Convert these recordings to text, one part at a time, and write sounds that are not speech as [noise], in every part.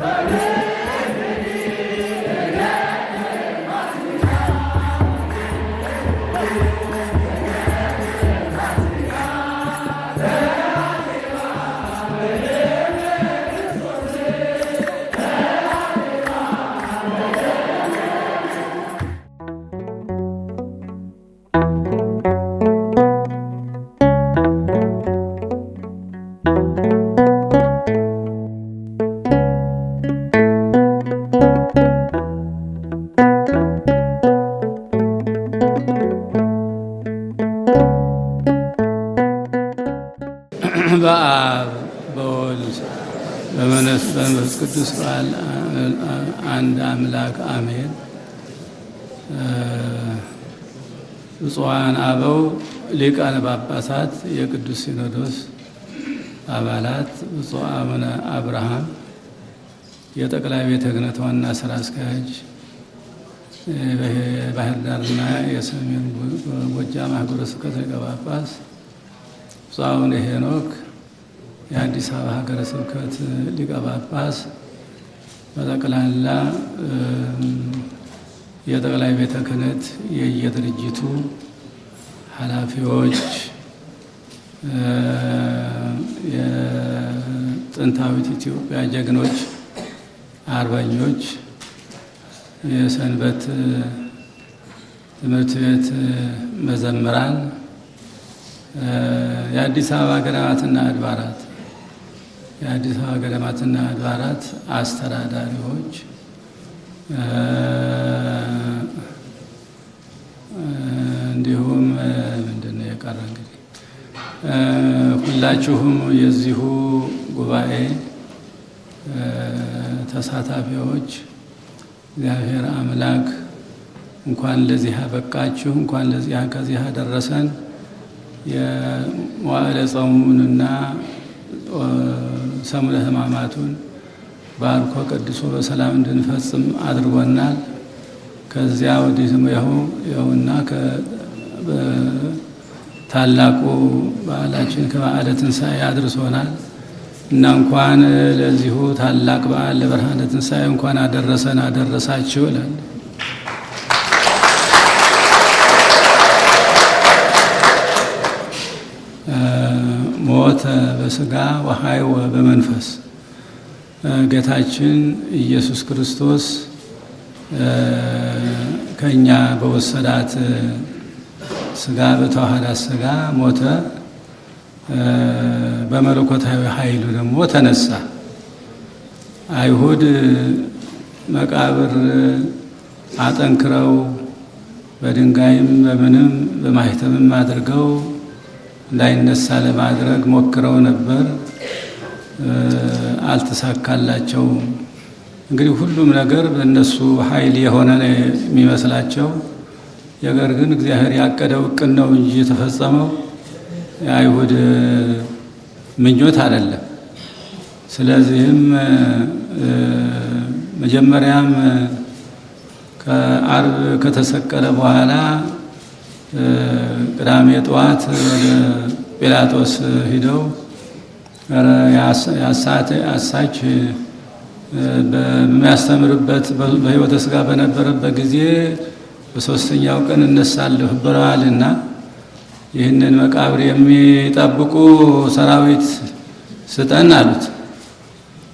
Amen. ብፁዓን አበው ሊቃነ ጳጳሳት፣ የቅዱስ ሲኖዶስ አባላት፣ ብፁዕ አቡነ አብርሃም የጠቅላይ ቤተ ክህነት ዋና ስራ አስኪያጅ፣ ባህር ዳርና የሰሜን ጎጃም ሀገረ ስብከት ሊቀ ጳጳስ፣ ብፁዕ አቡነ ሄኖክ የአዲስ አበባ ሀገረ ስብከት ሊቀ ጳጳስ፣ በጠቅላላ የጠቅላይ ቤተ ክህነት የየድርጅቱ ኃላፊዎች የጥንታዊት ኢትዮጵያ ጀግኖች አርበኞች፣ የሰንበት ትምህርት ቤት መዘምራን፣ የአዲስ አበባ ገዳማትና አድባራት የአዲስ አበባ ገዳማትና አድባራት አስተዳዳሪዎች እንዲሁም ምንድን የቀረ እንግዲህ ሁላችሁም የዚሁ ጉባኤ ተሳታፊዎች እግዚአብሔር አምላክ እንኳን ለዚህ አበቃችሁ፣ እንኳን ለዚህ ከዚህ አደረሰን። የዋዕለ ጾሙንና ሰሙነ ህማማቱን ባርኮ ቅዱሶ በሰላም እንድንፈጽም አድርጎናል። ከዚያ ወዲህ ያው ያውና ታላቁ በዓላችን ከበዓለ ትንሣኤ አድርሶናል እና እንኳን ለዚሁ ታላቅ በዓል ለብርሃነ ትንሣኤ እንኳን አደረሰን አደረሳችሁ ይላል። ሞተ በስጋ ወሐይወ በመንፈስ ጌታችን ኢየሱስ ክርስቶስ ከእኛ በወሰዳት ስጋ በተዋህዳ ስጋ ሞተ፣ በመለኮታዊ ኃይሉ ደግሞ ተነሳ። አይሁድ መቃብር አጠንክረው በድንጋይም በምንም በማህተምም አድርገው እንዳይነሳ ለማድረግ ሞክረው ነበር፣ አልተሳካላቸውም። እንግዲህ ሁሉም ነገር በእነሱ ኃይል የሆነ የሚመስላቸው ነገር ግን እግዚአብሔር ያቀደው እቅድ ነው እንጂ የተፈጸመው የአይሁድ ምኞት አይደለም። ስለዚህም መጀመሪያም ከአርብ ከተሰቀለ በኋላ ቅዳሜ ጠዋት ወደ ጲላጦስ ሂደው አሳች በሚያስተምርበት በሕይወተ ሥጋ በነበረበት ጊዜ በሶስተኛው ቀን እነሳለሁ ብለዋልና ይህንን መቃብር የሚጠብቁ ሰራዊት ስጠን አሉት።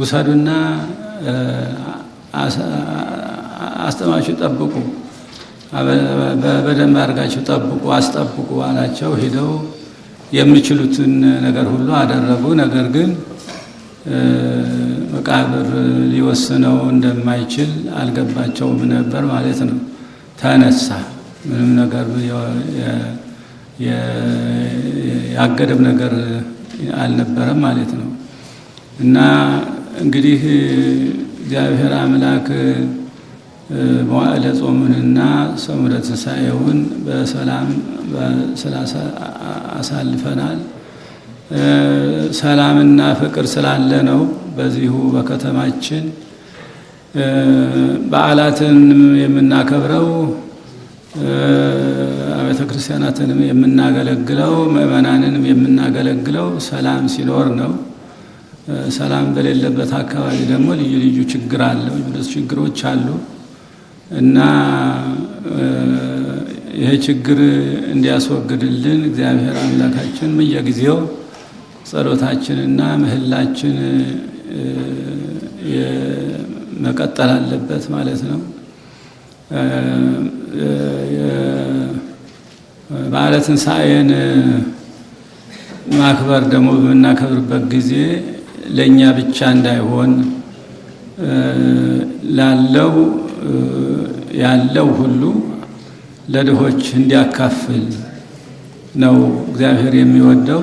ውሰዱና አስጠማችሁ ጠብቁ፣ በደንብ አድርጋችሁ ጠብቁ፣ አስጠብቁ አላቸው። ሂደው የሚችሉትን ነገር ሁሉ አደረጉ። ነገር ግን መቃብር ሊወስነው እንደማይችል አልገባቸውም ነበር ማለት ነው። ተነሳ። ምንም ነገር ያገደም ነገር አልነበረም ማለት ነው እና እንግዲህ እግዚአብሔር አምላክ መዋዕለ ጾሙንና ሰሙነ ትንሣኤውን በሰላም አሳልፈናል። ሰላምና ፍቅር ስላለ ነው በዚሁ በከተማችን በዓላትን የምናከብረው ቤተ ክርስቲያናትንም የምናገለግለው ምእመናንንም የምናገለግለው ሰላም ሲኖር ነው። ሰላም በሌለበት አካባቢ ደግሞ ልዩ ልዩ ችግር አለው፣ ብዙ ችግሮች አሉ እና ይሄ ችግር እንዲያስወግድልን እግዚአብሔር አምላካችን በየጊዜው ጸሎታችንና ምህላችን መቀጠል አለበት ማለት ነው። በዓለ ትንሣኤን ማክበር ደግሞ በምናከብርበት ጊዜ ለእኛ ብቻ እንዳይሆን ላለው ያለው ሁሉ ለድሆች እንዲያካፍል ነው እግዚአብሔር የሚወደው።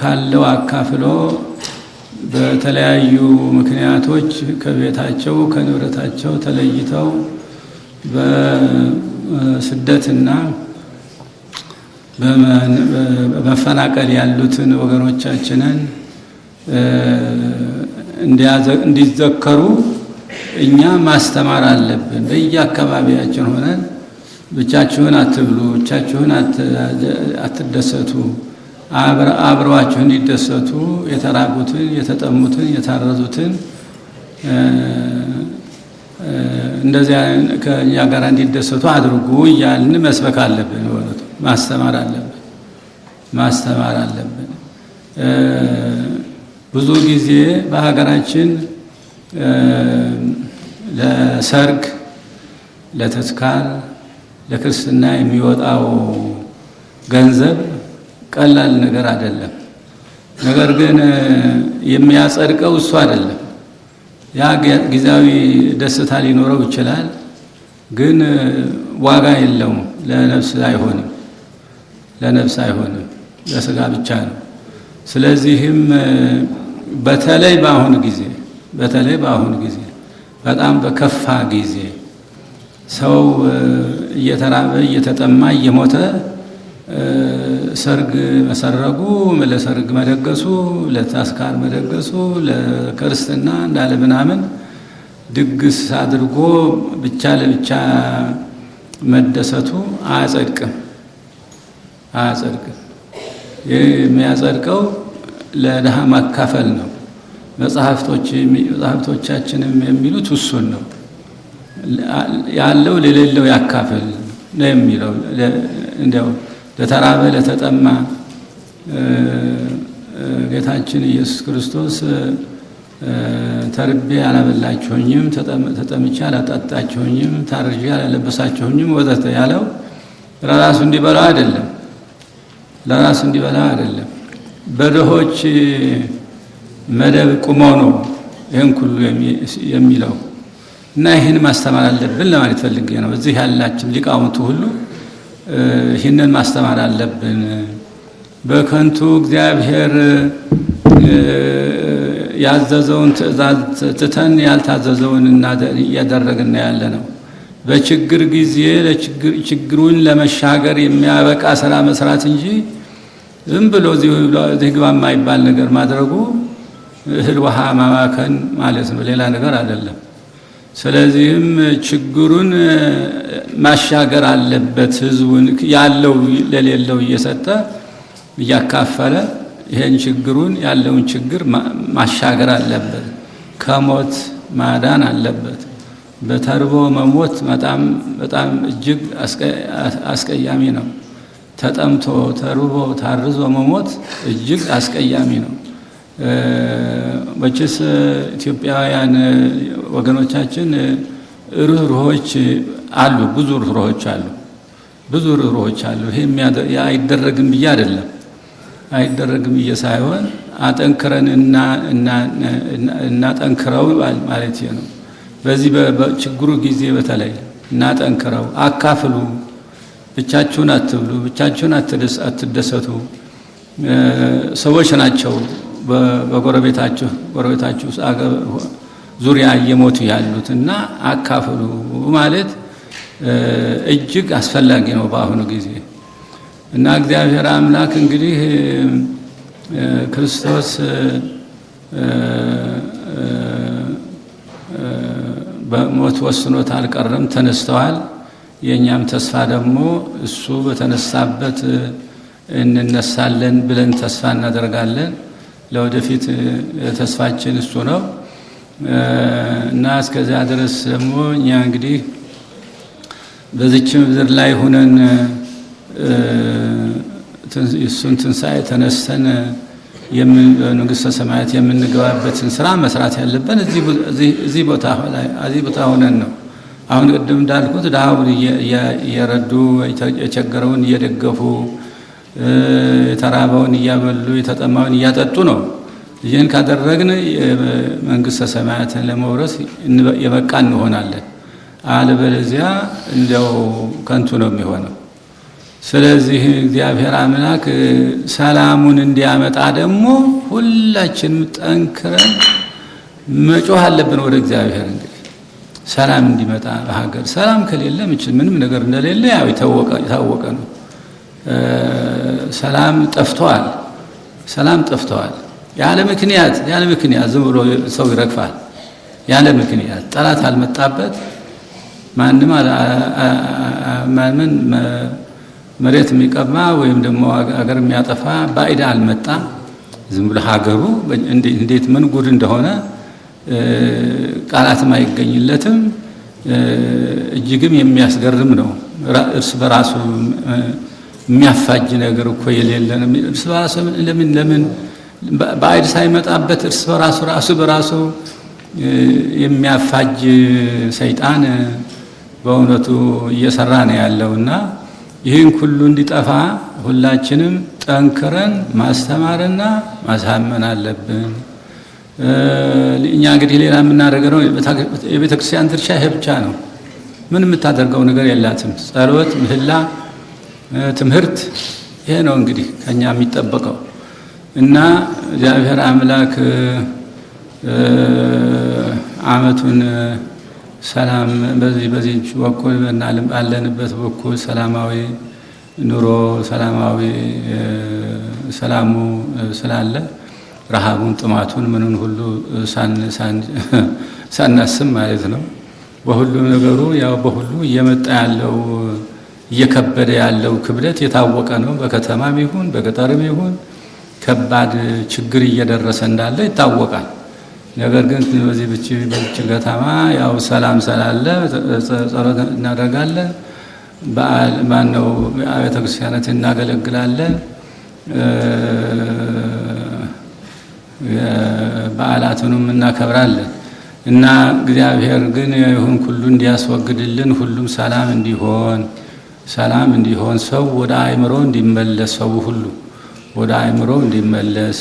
ካለው አካፍሎ በተለያዩ ምክንያቶች ከቤታቸው ከንብረታቸው ተለይተው በስደትና በመፈናቀል ያሉትን ወገኖቻችንን እንዲዘከሩ እኛ ማስተማር አለብን። በየአካባቢያችን ሆነን ብቻችሁን አትብሉ፣ ብቻችሁን አትደሰቱ አብረዋችሁ እንዲደሰቱ የተራቡትን፣ የተጠሙትን፣ የታረዙትን እንደዚያ ከእኛ ጋር እንዲደሰቱ አድርጉ እያልን መስበክ አለብን። በእውነቱ ማስተማር አለብን ማስተማር አለብን። ብዙ ጊዜ በሀገራችን ለሰርግ፣ ለተስካር፣ ለክርስትና የሚወጣው ገንዘብ ቀላል ነገር አይደለም። ነገር ግን የሚያጸድቀው እሱ አይደለም። ያ ጊዜያዊ ደስታ ሊኖረው ይችላል፣ ግን ዋጋ የለውም። ለነፍስ አይሆንም፣ ለነፍስ አይሆንም፣ ለስጋ ብቻ ነው። ስለዚህም በተለይ በአሁን ጊዜ በተለይ በአሁን ጊዜ በጣም በከፋ ጊዜ ሰው እየተራበ እየተጠማ እየሞተ ሰርግ መሰረጉ፣ ለሰርግ መደገሱ፣ ለታስካር መደገሱ፣ ለክርስትና እንዳለ ምናምን ድግስ አድርጎ ብቻ ለብቻ መደሰቱ አያጸድቅም አያጸድቅም። የሚያጸድቀው ለድሃ ማካፈል ነው። መጽሐፍቶቻችንም የሚሉት እሱን ነው። ያለው ለሌለው ያካፍል ነው የሚለው እንዲያው ለተራበ ለተጠማ ጌታችን ኢየሱስ ክርስቶስ ተርቤ አላበላችሁኝም፣ ተጠምቼ አላጣጣችሁኝም፣ ታርዤ አላለበሳችሁኝም ወዘተ ያለው ለራሱ እንዲበላ አይደለም። ለራሱ እንዲበላ አይደለም። በድሆች መደብ ቁሞ ነው ይህን ሁሉ የሚለው እና ይህን ማስተማር አለብን ለማለት ፈልጌ ነው። እዚህ ያላችን ሊቃውንቱ ሁሉ ይህንን ማስተማር አለብን። በከንቱ እግዚአብሔር ያዘዘውን ትእዛዝ ትተን ያልታዘዘውን እያደረግና ያለ ነው። በችግር ጊዜ ችግሩን ለመሻገር የሚያበቃ ስራ መስራት እንጂ ዝም ብሎ እዚህ ግባ የማይባል ነገር ማድረጉ እህል ውሃ ማባከን ማለት ነው፣ ሌላ ነገር አይደለም። ስለዚህም ችግሩን ማሻገር አለበት። ህዝቡን ያለው ለሌለው እየሰጠ እያካፈለ ይሄን ችግሩን ያለውን ችግር ማሻገር አለበት። ከሞት ማዳን አለበት። በተርቦ መሞት በጣም በጣም እጅግ አስቀያሚ ነው። ተጠምቶ ተርቦ ታርዞ መሞት እጅግ አስቀያሚ ነው። መቼስ ኢትዮጵያውያን ወገኖቻችን ርኅሩኆች አሉ፣ ብዙ ርኅሩኆች አሉ፣ ብዙ ርኅሩኆች አሉ። ይሄ አይደረግም ብዬ አይደለም አይደረግም ብዬ ሳይሆን አጠንክረን እናጠንክረው ማለት ነው። በዚህ በችግሩ ጊዜ በተለይ እናጠንክረው፣ አካፍሉ፣ ብቻችሁን አትብሉ፣ ብቻችሁን አትደሰቱ። ሰዎች ናቸው በጎረቤታችሁ ጎረቤታችሁ ዙሪያ እየሞቱ ያሉት እና አካፍሉ ማለት እጅግ አስፈላጊ ነው በአሁኑ ጊዜ እና እግዚአብሔር አምላክ እንግዲህ ክርስቶስ በሞት ወስኖት አልቀረም፣ ተነስተዋል። የእኛም ተስፋ ደግሞ እሱ በተነሳበት እንነሳለን ብለን ተስፋ እናደርጋለን። ለወደፊት ተስፋችን እሱ ነው እና እስከዚያ ድረስ ደግሞ እኛ እንግዲህ በዚች ምድር ላይ ሁነን እሱን ትንሣኤ ተነስተን መንግሥተ ሰማያት የምንገባበትን ስራ መስራት ያለብን እዚህ ቦታ እዚህ ቦታ ሆነን ነው። አሁን ቅድም እንዳልኩት ድሃውን እየረዱ የቸገረውን እየደገፉ የተራበውን እያበሉ የተጠማውን እያጠጡ ነው። ይህን ካደረግን መንግስተ ሰማያትን ለመውረስ የበቃ እንሆናለን። አለበለዚያ እንዲያው ከንቱ ነው የሚሆነው። ስለዚህ እግዚአብሔር አምላክ ሰላሙን እንዲያመጣ ደግሞ ሁላችንም ጠንክረን መጮህ አለብን ወደ እግዚአብሔር። እንግዲህ ሰላም እንዲመጣ በሀገር ሰላም ከሌለ ምችል ምንም ነገር እንደሌለ ያው የታወቀ ነው። ሰላም ጠፍተዋል። ሰላም ጠፍተዋል ያለ ምክንያት ያለ ምክንያት ዝም ብሎ ሰው ይረግፋል። ያለ ምክንያት ጠላት አልመጣበት ማንም ማንም መሬት የሚቀማ ወይም ደግሞ አገር የሚያጠፋ ባይዳ አልመጣ። ዝም ብሎ ሀገሩ እንዴት ምን ጉድ እንደሆነ ቃላትም አይገኝለትም። እጅግም የሚያስገርም ነው እርስ በራሱ የሚያፋጅ ነገር እኮ የሌለን እርስ በራሱ ለምን ለምን በአይድ ሳይመጣበት እርስ በራሱ ራሱ በራሱ የሚያፋጅ ሰይጣን በእውነቱ እየሰራ ነው ያለው እና ይህን ሁሉ እንዲጠፋ ሁላችንም ጠንክረን ማስተማርና ማሳመን አለብን። እኛ እንግዲህ ሌላ የምናደርገው ነው። የቤተክርስቲያን ድርሻ ይሄ ብቻ ነው። ምን የምታደርገው ነገር የላትም። ጸሎት፣ ምህላ ትምህርት ይሄ ነው እንግዲህ ከኛ የሚጠበቀው እና እግዚአብሔር አምላክ አመቱን ሰላም በዚህ በዚህ በኩል ባለንበት በኩል ሰላማዊ ኑሮ ሰላማዊ ሰላሙ ስላለ ረሃቡን፣ ጥማቱን፣ ምንን ሁሉ [laughs] ሳናስብ ማለት ነው በሁሉም ነገሩ ያው በሁሉ እየመጣ ያለው እየከበደ ያለው ክብደት የታወቀ ነው። በከተማም ይሁን በገጠርም ይሁን ከባድ ችግር እየደረሰ እንዳለ ይታወቃል። ነገር ግን በዚህ ብቻ ከተማ ያው ሰላም ስላለ ጸሎት እናደርጋለን፣ በዓል ማነው ቤተ ክርስቲያናት እናገለግላለን፣ በዓላቱንም እናከብራለን እና እግዚአብሔር ግን ይሁን ሁሉ እንዲያስወግድልን ሁሉም ሰላም እንዲሆን ሰላም እንዲሆን ሰው ወደ አእምሮ እንዲመለስ ሰው ሁሉ ወደ አእምሮ እንዲመለስ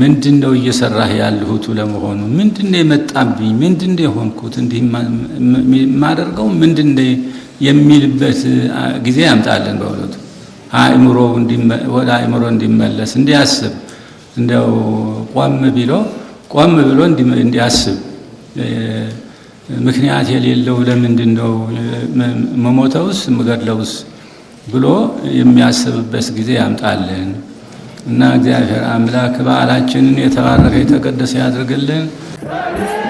ምንድን ነው እየሰራህ ያልሁት ለመሆኑ ምንድን ነው የመጣብኝ ምንድን ነው የሆንኩት እንዲህ የማደርገው ምንድን ነው የሚልበት ጊዜ ያምጣልን በእውነቱ አእምሮ ወደ አእምሮ እንዲመለስ እንዲያስብ እንደው ቆም ቢሎ ቆም ብሎ እንዲያስብ ምክንያት የሌለው ለምንድን ነው መሞተውስ ምገድለውስ ብሎ የሚያስብበት ጊዜ ያምጣልን እና እግዚአብሔር አምላክ በዓላችንን የተባረከ የተቀደሰ ያድርግልን።